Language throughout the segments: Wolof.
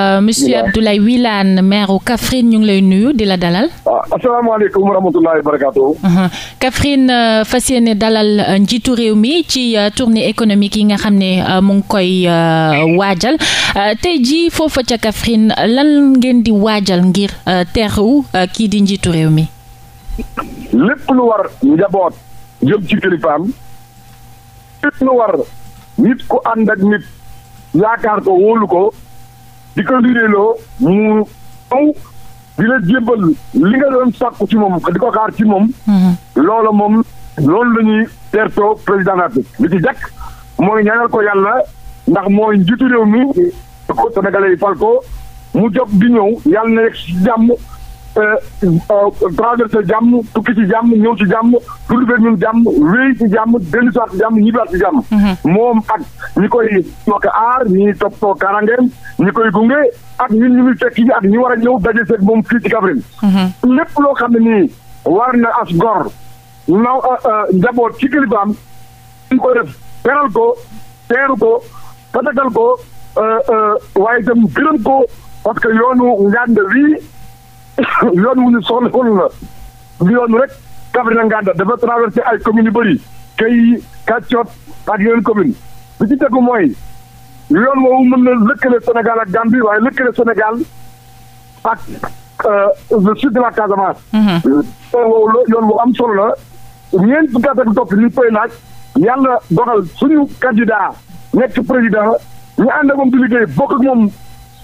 Euh, monsieur Abdoulaye Wilane maire u ñu ngi lay nuyu di la dalal. Ah, asalaamaaleykum wa rahmatulaahi wa barakaatu. Uh-huh. Kaffrine euh, fas yéene dalal euh, njiitu réew mi ci tournée économique yi nga xam ne mu ngi koy waajal tey jii foofa ca kafrin lan ngeen di waajal ngir teeru kii di njiitu réew mi. lépp lu war njaboot jëm ci kilifaam lépp lu war nit ku ànd ak nit yaakaar ko wóolu ko. di ko liggéeyloo mu taw di la jébbal li nga doon sàkku ci moom di ko xaar ci moom. Mhm. loola moom loolu la ñuy teertoo président de la République li mooy ñaanal ko yàlla ndax mooy njiitu réew mi ko Sénégalais yi fal mu jóg di ñëw yàlla na rek si jàmm. traversé euh, euh, jàmm tukki ci jàmm ñëw ci jàmm dund fekk ñun jàmm wéy ci jàmm dellu si waat ci jàmm ñibbiwaat ci jàmm. Mhm. moom ak ñi koy toog aar ñi toppatoo karangeem ñi koy gunge ak ñun ñu ngi fekk yi ak ñi war a ñëw daje seeg moom fii ci Kaffrine. Mhm. lépp loo xam ni nii war na as gor naw euh, njaboot ci kilifaam ñu koy def teral ko teeru ko fatagal ko waaye itam gërëm ko parce que yoonu Nganda wii. yoon wu ñu soxla woon la du yoon rek Kaffrine Nganda dafa traversé ay commune yu bëri Kay Kacot ak yeneen commune bi ci tegu mooy yoon woowu mën na lëkkale Sénégal ak Gambie waaye lëkkale Sénégal ak euh, le sud de la Casamance. Mhm. yoon woowu am solo la ñeent gàtt ak topp li koy laaj yàlla dogal suñu candidat nekk président ñu ànd ak moom di liggéey bokk ak moom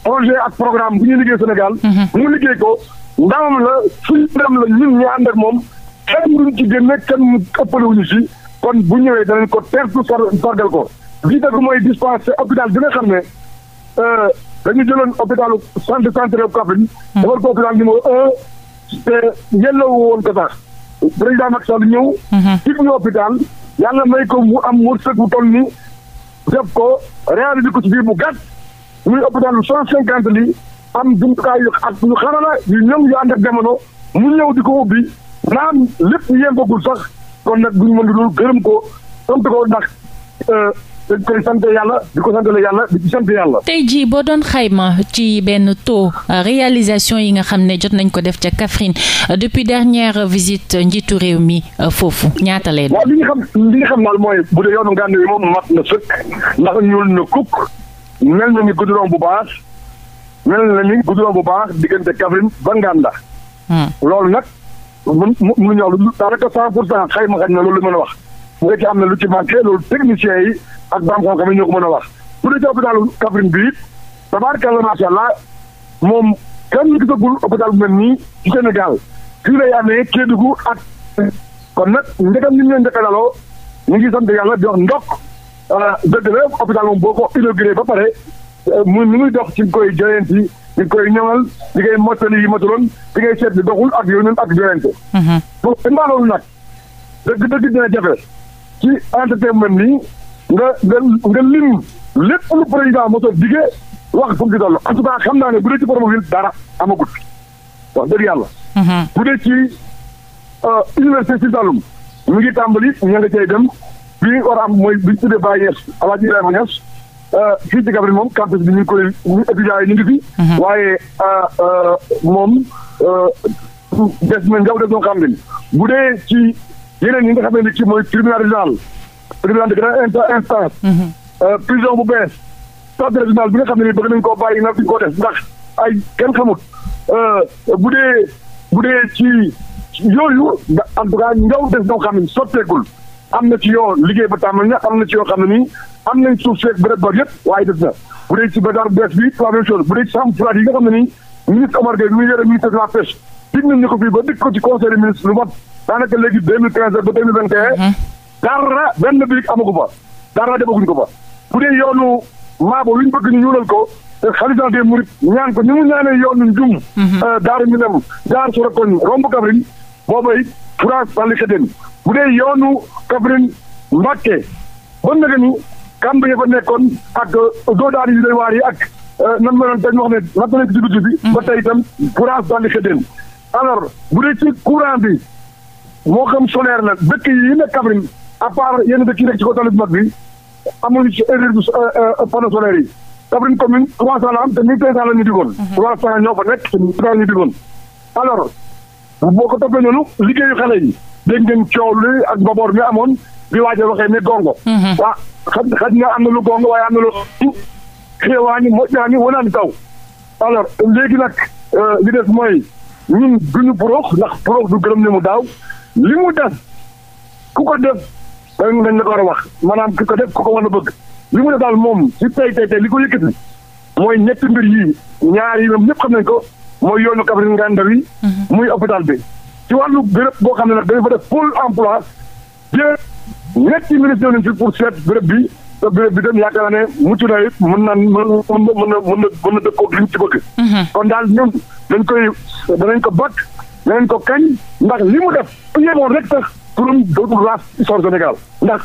projet ak programme bu ñuy liggéey Sénégal. Mhm. mu liggéey ko ndawam la suñu ndam la ñun ñu ànd ak moom kenn duñ ci génne kenn ëppale wuñu si kon bu ñëwee danañ ko teertu sargal ko lii dëgg mooy dispense hôpital bi nga xam ne euh, dañu jëloon hôpitalu centre centre de Kaffrine hmm. defar ko hôpital numéro un te yelloo woon ko sax président Macky Sall ñëw hmm. dig ñu hôpital yàlla may ko mu am wërsëg bu toll ni def ko réalisé ko ci biir bu gàtt muy hôpital cent cinquante lits am jumtukaay yu ak yu xarala yu ñëw yu ànd ak jamono mu ñëw di ko ubbi naan lépp yembagul sax kon nag duñu mën di gërëm ko sant ko euh, sant yàlla di ko santale yàlla di ci sant yàlla. tey jii boo doon xayma ci benn taux euh, réalisation yi nga xam ne jot nañ ko def ca Kaffrine euh, depuis dernière visite njiitu réew mi foofu ñaata lay doon. waaw li nga xam li nga xam daal mooy bu dee yoonu Ngànd wi moom mat na sëkk ndax ñuul na kukk mel na ni goudron bu baax. mel na ni goudron bu baax diggante Kaffrine ba Nganda. Hmm. loolu nag mun mun ñoo lu daanaka cent pour cent xayma xaj na loolu mën a wax. bu fekkee am na lu ci manqué loolu techniciens yi ak bam xam-xam yi ñoo ko mën a wax bu dee ci hôpitalu Kaffrine bi it tabaarkalla macha allah moom kenn gisagul hôpital bu mel nii ci Sénégal fii lay amee Kédougou ak. kon nag ndegam ni ñu leen njëkk daloo ñu ngi sant yàlla di wax ndokk euh, dëgg la hôpital moom boo ko inauguré ba pare mu nu muy dox ci nga koy joyanti yi di koy ñoŋal di ngay mottali yi matuloon di ngay seet di ak yow noonu ak joyante donc dañ maa loolu nag dëgg dëgg dina jafe ci entertainment nii nga nga nga lim lépp lu président moto dige wax fu mu ci toll en tout cas xam naa ne bu dee ci promotion dara amagut wax dëgg yàlla mhm. bu dee ci euh, université si dalum mu ngi tàmbali ña nga cay dem bi war a am mooy bi ñu tuddee Baye Niass Alaaji Ibrahima Niass Euh, fii ci Kaffrine moom campus bi ñu ngi koy ñu étudiants ñu ngi fi. Mhm. waaye euh, euh, moom des na njaw des ñoo xam ne bu dee ci yeneen yi nga xam ne ci mooy tribunal régional tribunal de grande instance. Mhm. prison bu bees centre régional bi nga xam ne bëgg nañ koo bàyyi nag duñ koo def ndax ay kenn xamut bu dee bu dee ci yooyu en tout cas njaw des ñoo xam ne sotteekul am na ci yoo liggéey ba tàmbali na am na ci yoo xam ne nii. am nañ suuf seeg bërëb bër yëpp waaye na bu dee ci bazar bu bees bi la bu dee ci sàmm fulaat yi nga xam ne nii ministre Omar Gueye mi ngi yore ministre de la pêche dig nañ ko fii ba dig ko ci conseil des ministres mat daanaka léegi deux mille quinze ba deux mille vingt et un mhm. dara benn birig amagu fa dara demaguñ ko fa bu dee yoonu maabo wi ñu bëgg ñuulal ko te xalifa des mourides ñaan ko ñu mu yoonu njum mhm. euh, daaru minam daar surakoñ romb Kaffrine boobay France banli xateen bu dee yoonu Kaffrine kàmb ya fa nekkoon ak uh, doodaan yi doy waar yi ak uh, nan ma doon dañ wax ne lan la nekk ci budget bi. Mm. ba tey itam courant daal di xëddeen. alors bu dee ci courant bi moo xam solaire na dëkk yi nekk Kaffrine à part yenn dëkk yi nekk ci kaw tali bu mag bi amuñu ci uh, panneau solaire yi. Kaffrine commune trois cent la am te mille cinq mm-hmm. ñoo fa nekk boo ko toppee noonu liggéeyu xale yi dégg ngeen coow li ak mbaboor amoon bi waaj a waxee ni gongo. Mm-hmm. xaj na am na lu gongo waaye am na lu xeewaani moƴƴaani wonaani taw alors léegi nag euh, li des mooy ñun duñu boroox ndax boroox du gërëm ne mu daaw li mu def ku ko def dañ dañ war a wax maanaam ku ko ko war a bëgg li daal moom si tey tey tey li ko yëkkati mooy ñetti mbir yii ñaar yi moom ñëpp xam nañ ko mooy yoonu Kaffrine Nganda wi mhm. muy hôpital bi ci wàllu béréb boo xam ne nag dañu fa def full emploi ñetti minutes ñëw nañ fi pour seet béréb bi te béréb bi tam yaakaar naa ne mucc na it mën naan na mën na mën na mën na dëkkoog mhm. kon daal ñun dañ koy danañ ko bot danañ ko kañ ndax li mu def bu yemoon rek tax turam dootul raas histoire Sénégal ndax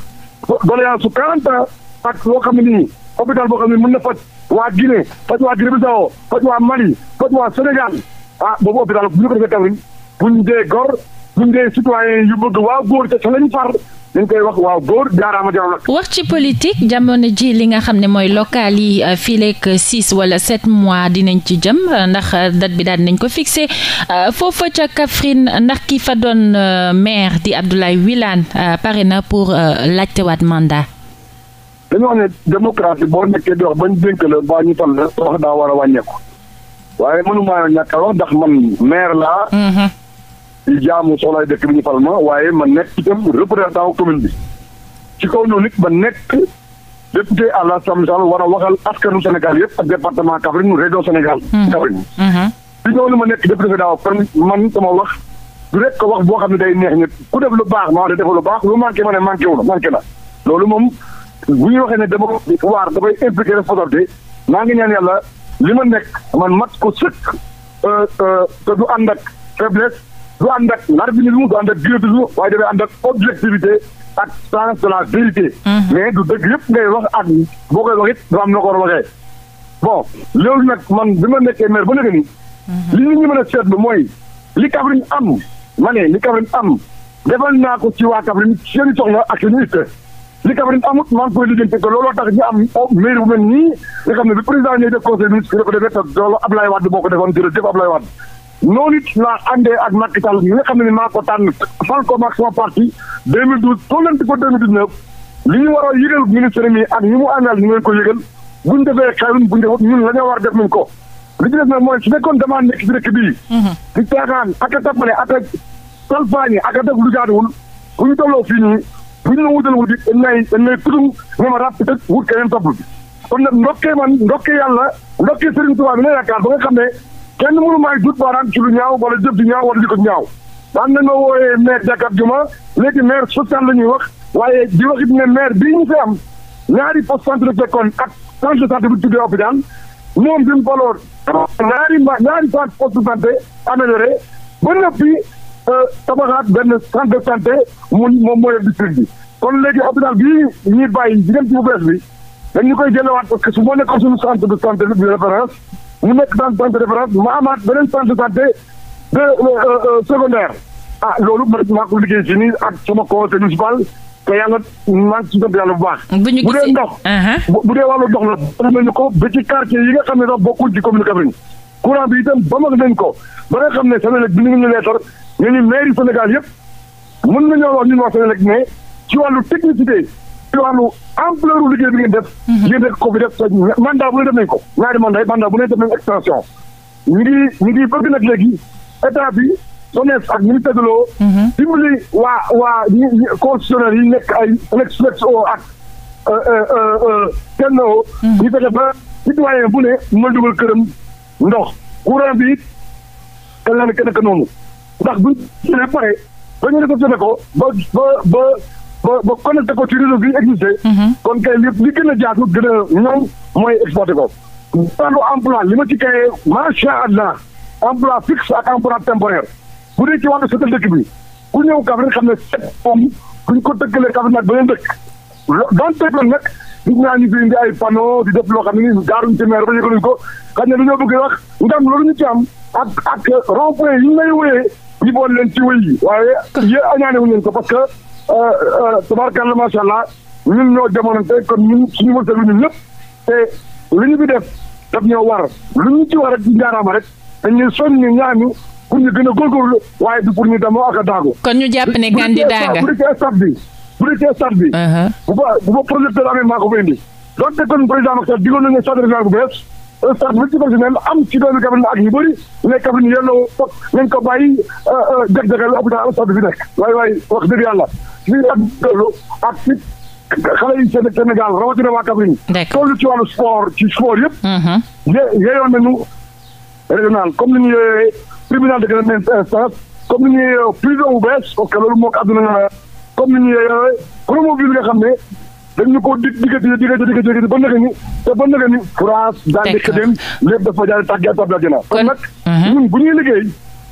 doléance su 40 ans ak loo xam ne nii hôpital boo xam ne mën na faj waa Guinée faj waa Guinée-Bissau faj waa Mali faj waa Sénégal ah boobu hôpital bu ñu ko defee tamit buñ dee gor buñ dee citoyen yu bëgg waa góor ca ca ñu ngi koy wax waaw góor jaaraama jaw wax ci politique jamono ji li nga xam ne mooy local yi euh, fii lekk six wala sept mois dinañ ci jëm euh, ndax euh, date bi daal nañ ko fixé foofa ca Kaffrine ndax ki fa doon maire di Abdoulaye Wilane pare na pour laajtewaat mandat dañu ne démocratie boo nekkee di wax bañ dénk la baa ñu tal la wax daa war a wàññeeku waaye mënumaa ñàkk a wax ndax man maire laa mhm. di jaamu soxlaay dëkk bi ñu fal ma waaye ma nekk itam représentant commune bi ci kaw noonu it ma nekk député à l'Assemblée nationale war a waxal askanu Sénégal yëpp ak département Kaffrine région Sénégal. Kaffrine. di ñëw ni ma nekk député daaw kon man sama wax du rek ko wax boo xam ne day neex ñëpp ku def lu baax ma wax defal lu baax lu manqué ma ne manqué wu la manqué na loolu moom bu waxee ne dama waar dafay impliqué responsabilité maa ngi ñaan yàlla li ma nekk man mat ko sëkk euh, euh, te du du ànd ak larbinisme du ànd ak griotisme waaye dafay ànd ak objectivité ak sens de la vérité. Mhm. mais du dëgg yëpp ngay wax ak boo koy du am na ko war a waxee. bon nag man bi ma nekkee maire ba léegi nii. Mhm. li nit ñi mën a seetlu mooy li Kaffrine am ma ne li Kaffrine am defal naa ko ci waa Kaffrine seeni soxla ak seeni li Kaffrine amut maa ngi koy liggéeyante ko looloo tax ñu am mairie bu mel nii nga xam ne bi président ñooy def conseil ministre bi ko defoon jërëjëf noonu it laa àndee ak Macky Sall mi nga xam ne maa ko tànn fal ko ak sama parti 2012 tollanti ko 2019 li ñu war a yëgal ministre mi ak ñi mu àndal ñu ngi ko yëgal bu ñu defee xayma bu ñu defut ñun war def ko. li ci des mooy su fekkoon damaa nekk ci dëkk bii. Mhm. di caaxaan ak a tappale ak a salfaañe ak a def lu jaaduwul bu ñu tolloo fii nii bu ñu la wutal wuti dañ lay dañ lay tuddum ne ma ràpp tëj wut keneen topp bi kon nag ndokkee man ndokkee la yaakaar ba nga kenn mënu may dut baaraam ci lu ñaaw wala jëf di ñaaw wala jikko ñaaw daan na nga wooyee maire Dakar Juma léegi maire social la ñuy wax waaye di wax it ne maire bii ñu fi am ñaari poste santé la fekkoon ak centre de santé bu tuddee hôpital moom bi mu baloor ñaari ma ñaari centre poste de santé amélioré ba noppi euh, tabaxaat benn centre de santé mu moom mooy district bi kon léegi hôpital bii ñuy bàyyi di dem ci bu bees bi dañ ñu koy jëlewaat parce que su moo nekkoon suñu centre de santé de référence mu nekk dans point de référence ma amaat beneen centre de santé de euh, euh, euh, secondaire ah loolu man maa ko liggéey si nii ak sama conseil municipal te yàlla maa ngi si sant yàlla bu baax. bu ñu gisee bu dee ndox. Uh-huh. bu dee wàllu ndox la. ko ba ci quartier yi nga xam ne sax bokkul ci commune Kaffrine courant bi itam ba mag nañ ko ba nga xam ne Senelec bi ñu ngi ñu leetar ñu ni mairie Sénégal yëpp mën nañoo wax ñun waa Senelec ne ci wàllu technicité. ci wàllu ampleur u liggéey bi ngeen def. yéen mhm. rek ko fi def mandat bu ne def nañ ko. ñaari mandat mandat bu ne extension ngi ngi bëgg nag léegi état bi SONES ak ministère de l'eau. Mhm. dimbali waa waa ñi yi nekk ay lex lex o ak kenn euh, euh, euh, o. Mhm. ñu fexe ba citoyen bu ne mën dugal këram ndox courant bi it kenn la ne kenn ka noonu ndax buñ ci pare ba ba connecté ko ci réseau bi existé. Mhm. kon kay li li gën a jaatu gën a ñoom mooy exporté ko. wàllu emploi li ma ci kay macha allah emploi fixe ak emploi temporaire bu dee ci wàllu setal dëkk bi ku ñëw Kaffrine xam ne set moom ko dëkkalee Kaffrine ak beneen dëkk. lo dans tey nag gis naa bi fi indi ay panneau di def loo xam ne nii gaaruñ ci maire ba yëgaluñ ko xam ne dañoo bëgg wax ndam loolu ñu ci am ak ak rond point yi ñu lay wéyee ñu boole leen ci wéy yi waaye yéen ko parce que. Euh, euh, tabarkalla macha allah ñun ñoo jamonante kon ñun suñu wërsëg bi ñun ñëpp te lu ñu fi def daf ñoo war lu ñu ci war rek njaaraama rek dañuy soññu ñaanu pour ñu gën a góorgóorlu waaye du pour ñu demoo ak a daagu. kon ñu jàpp ne Gandi daaga bu dee stade bi bu dee stade bi. Uh-huh. bu ba bu ba projecteur ko fa indi. donc te kon président Macky Sall digoon nañu stade régional bu bees stade multifonctionnel am ci doomi Kaffrine ak ñu bëri ne Kaffrine yelloo nañ ko bàyyi euh, jag-jagal hôpital am bi nekk. waaye waaye wax dëgg yàlla lii ak ak fit xale yi Sénégal rawatina waa Kaffrine. tollu ci wàllu sport ci sport yëpp. Mm-hmm. yeyoon nañu régional comme ni ñu yooyee tribunal de grande instance comme ni ñu yooyee prison bu bees parce que loolu moo ko àdduna na comme ni ñu a promoville bi a xam ne. a ko dig diggante diggante diggante a naka ni te ba naka ni France daal di ko dem lépp dafa jaay tax gerte bi àddina. kon nag mm-hmm. ñun bu ñuy liggéey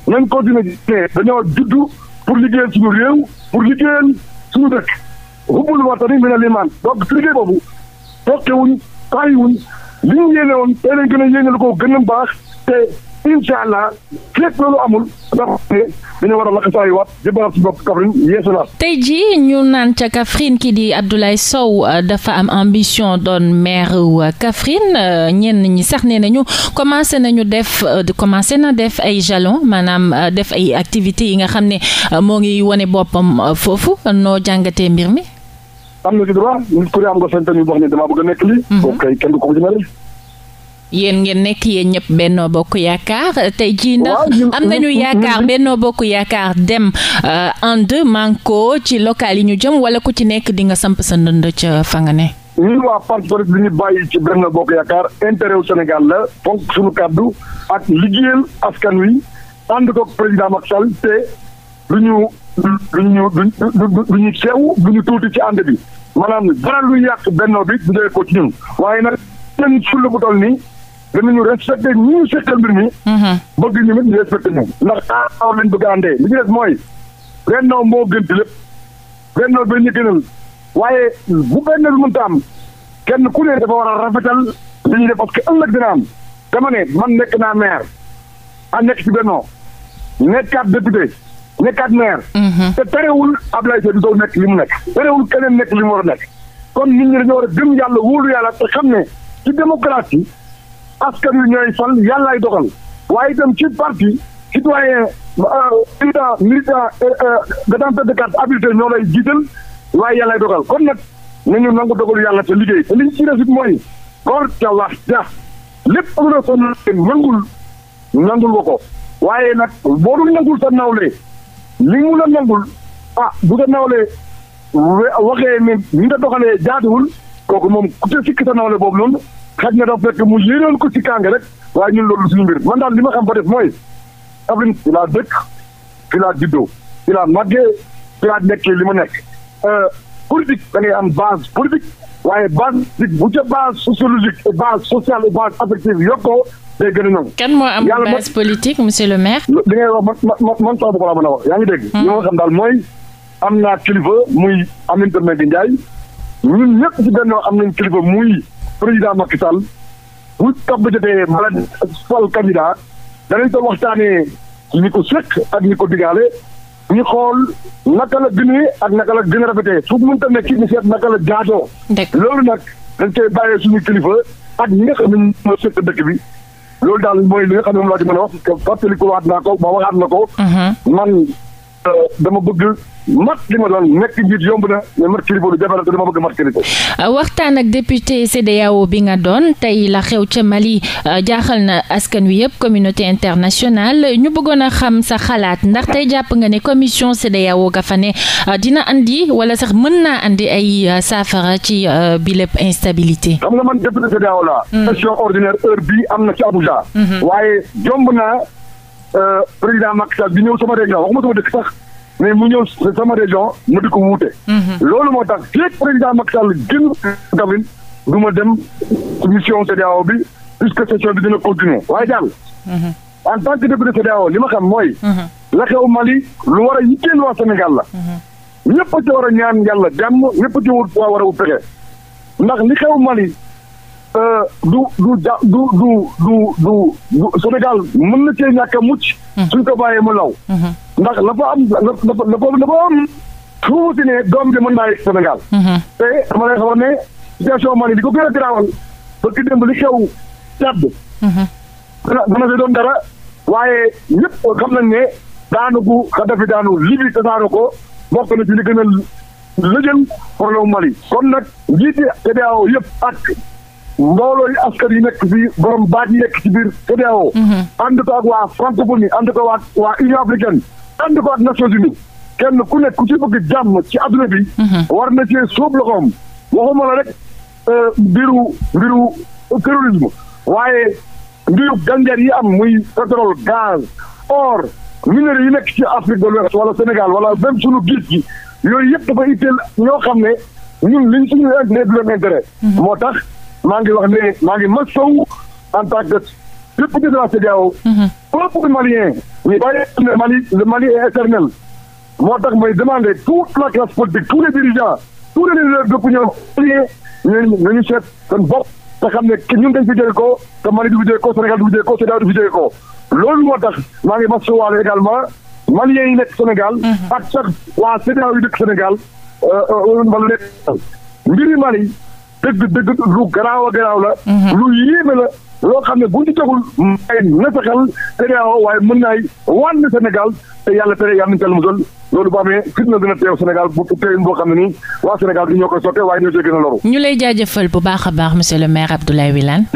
nañ continuer dañoo juddu pour liggéeyal suñu réew pour liggéeyal. suñu dëkk hubbul watani min al iman donc liggéey boobu tokkewuñ tàyyiwuñ li ñu yéene woon tey lañ gën a yéene lu ko gën a baax te incha allah fekk loolu tey jii ñu naan ca Kaffrine ki di Abdoulaye Sow euh, dafa am ambition doon maire wa euh, Kaffrine euh, ñenn ñi sax nee nañu commencé nañu def commencé na def ay jalon maanaam def ay activités yi nga xam ne moo ngi wane boppam foofu noo jàngatee mbir mi. am na ci droit nga sañ a mhm. kenn ko ci mel. yéen ngeen nekk yéen ñëpp Benno Bokk Yaakaar tey jii ndax am nañu yaakaar Benno Bokk Yaakaar dem ànd euh, manko ci local yi ñu jëm wala ku ci nekk di nga samp sa ndënd ca fa nga ne. ñun waa parti politique ñu bàyyi ci Benno Bokk Yaakaar intérêt wu Sénégal la fonk suñu kàddu ak liggéeyal askan wi ànd ko président Macky Sall te du ñu du ñu du ñu sew du ñu tuuti ci ànd bi maanaam dara lu yàq Benno bi du ko ci ñun waaye nag. ñun suñu bu nii danañu respecté ñi ñu seqal mbir mi. Mm-hmm. bëgg ñu mit ñu respecté ñu. ndax lañ bëgg a andee li ñu des mooy Benno moo gën di lépp Benno ba ñu gënal waaye bu Benno bi mënta am kenn ku ne dafa war a rafetal li ñuy def parce que ëllëg dina am dama ne man nekk naa maire a nekk ci Benno nekkaat député nekkaat maire. Mm-hmm. te terewul Abdoulaye Seydou Sow nekk li mu nekk. terewul keneen nekk li mu war a nekk kon nit ñi dañoo war a gëm yàlla wóolu yàlla te xam ne ci démocratie. askan wi ñooy fal yàllaay dogal waaye itam ci parti citoyen euh, militant militant euh, euh, détenteur de carte habilité ñoo lay jiital waaye yàllaay dogal kon nag nañu nangu dogalu yàlla te liggéey te liñ ci mooy góor ca wax ja lépp lu la sonal nangul nangul nga ko waaye nag boo dul nangul sa nawle li nangul ah bu sa nawle waxee ne ni nga doxalee jaaduwul kooku moom ku ca sikki sa boobu noonu xaj na dafa fekk mu yéeroon ko ci kànga rek waaye ñun loolu suñu mbir man daal li ma xam ba def mooy Kaffrine fi laa dëkk fi laa juddoo fi laa màggee li ma nekk euh, politique da ngay am base politique waaye base bu ca base sociologique et base sociale et base affective yokkoo day gën a nangu. kan moo am base politique monsieur le maire. li ngay wax man man man sama bopp laa mën a wax yaa ngi dégg. Hmm. li ma xam daal mooy am naa kilifa muy Aminata Mbengue Ndiaye ñun ñëpp ci bennoo am président Macky Sall bu tabb jotee mala fal candidat danañ ko waxtaanee ñi ko sëkk ak ñi ko digaale ñu xool naka la gënee ak naka la gën a rafetee su nekk ñu seet naka la jaatoo loolu nag dañ koy bàyyee suñu kilifa ak ñi nga xam ne ñoo sëkk dëkk bi loolu daal mooy li nga xam ne moom laa ci mën a wax fàttali ko ko ba waxaat na ko mm-hmm. man Euh, dama bëgg mat li ma doon nekk njiit yomb na mais mat kilifa lu jafe la te dama bëgg mat kilifa. Euh, waxtaan ak député CEDEAO bi nga doon tey la xew ca Mali euh, jaaxal na askan wi yëpp communauté internationale ñu bëggoon a xam sa xalaat ndax tey jàpp nga ne commission CEDEAO ga fa ne dina andi wala sax mën naa andi ay saafara ci bi lépp instabilité. xam nga man député CEDEAO la session hmm. ordinaire heure bii am na ci Abuja. Hmm. waaye jomb naa. Euh, président Macky Sall di ñëw sama région waxuma sama dëkk sax mais mu ñëw sama région mu di ko wuute. Mhm. loolu moo tax léegi président Macky Sall génn tamit du ma dem mission CEDEAO bi puisque session bi dina continuer waaye daal. Mhm. en tant que député CEDEAO li ma xam mooy. Mhm. la xew Mali lu war a yitteel waa Sénégal la. ñëpp a ci war a ñaan yàlla jàmm ñëpp a ci war a wu pexe ndax li xew Mali. Euh, du du ja du du du du du Sénégal mën na cee ñàkk a mucc. Mhm. suñ ko bàyyee mu law. Mhm. ndax la fa am la la ne doom bi mën naa yegg Sénégal. Mhm. te dama lay xamal ne situation Mali di ko gën a garaawal ba ki démb li xew Tchad. dana dana si dara waaye ñëpp xam nañ ne daanu gu Kadhafi daanu Libye tasaare ko bokk na ci li gën a lëjël problème Mali kon nag njiiti CEDEAO yëpp ak. mbooloo yi askan yi nekk fii borom baat yi nekk ci biir CEDEAO. Mhm. ànd ko ak waa francophonie ànd ko waa waa Union africaine ànd Nations Unies kenn ku nekk ku ci bëgg jàmm ci adduna bi. Mhm. war na cee sóob loxoom waxuma la rek euh, mbiru mbiru terrorisme waaye mbiru gànjar yi am muy pétrole gaz or minerais yi nekk ci Afrique de l'Ouest wala Sénégal wala même sunu géej gi yooyu yëpp dafa itteel ñoo xam ne ñun liñ suñu intérêt du leen intérêt mhm. moo tax. maa ngi wax ne maa ngi masawu en tant que député de la CEDEAO. Mhm. peuple malien. ñu bàyyi ne Mali le Mali est éternel. moo tax may demander toute la classe politique tous les dirigeants tous les leaders d'opinion maliens ñu ñu seet seen bopp te xam ne ñun dañ fi jëlee ko te Mali di fi jëlee ko Sénégal du fi jëlee ko CEDEAO du fi jëlee ko loolu moo tax maa ngi masawaale également maliens yi nekk Sénégal. Mhm. ak chaque waa CEDEAO yi dëkk Sénégal euh, euh, wala nekk mbiri Mali. dëgg dëgg lu garaaw a garaaw la. lu yéeme la loo xam ne bu ñu tegul ay nasaxal a waaye mën naay wànn Sénégal te yàlla tere yàlla nañu mu sol loolu boo amee fitna dina teew Sénégal bu teew boo xam ne nii waa Sénégal du ñoo koy sottee waaye ñoo cee gën a loru. ñu lay jaajëfal bu baax a baax monsieur le maire Abdoulaye Wilane.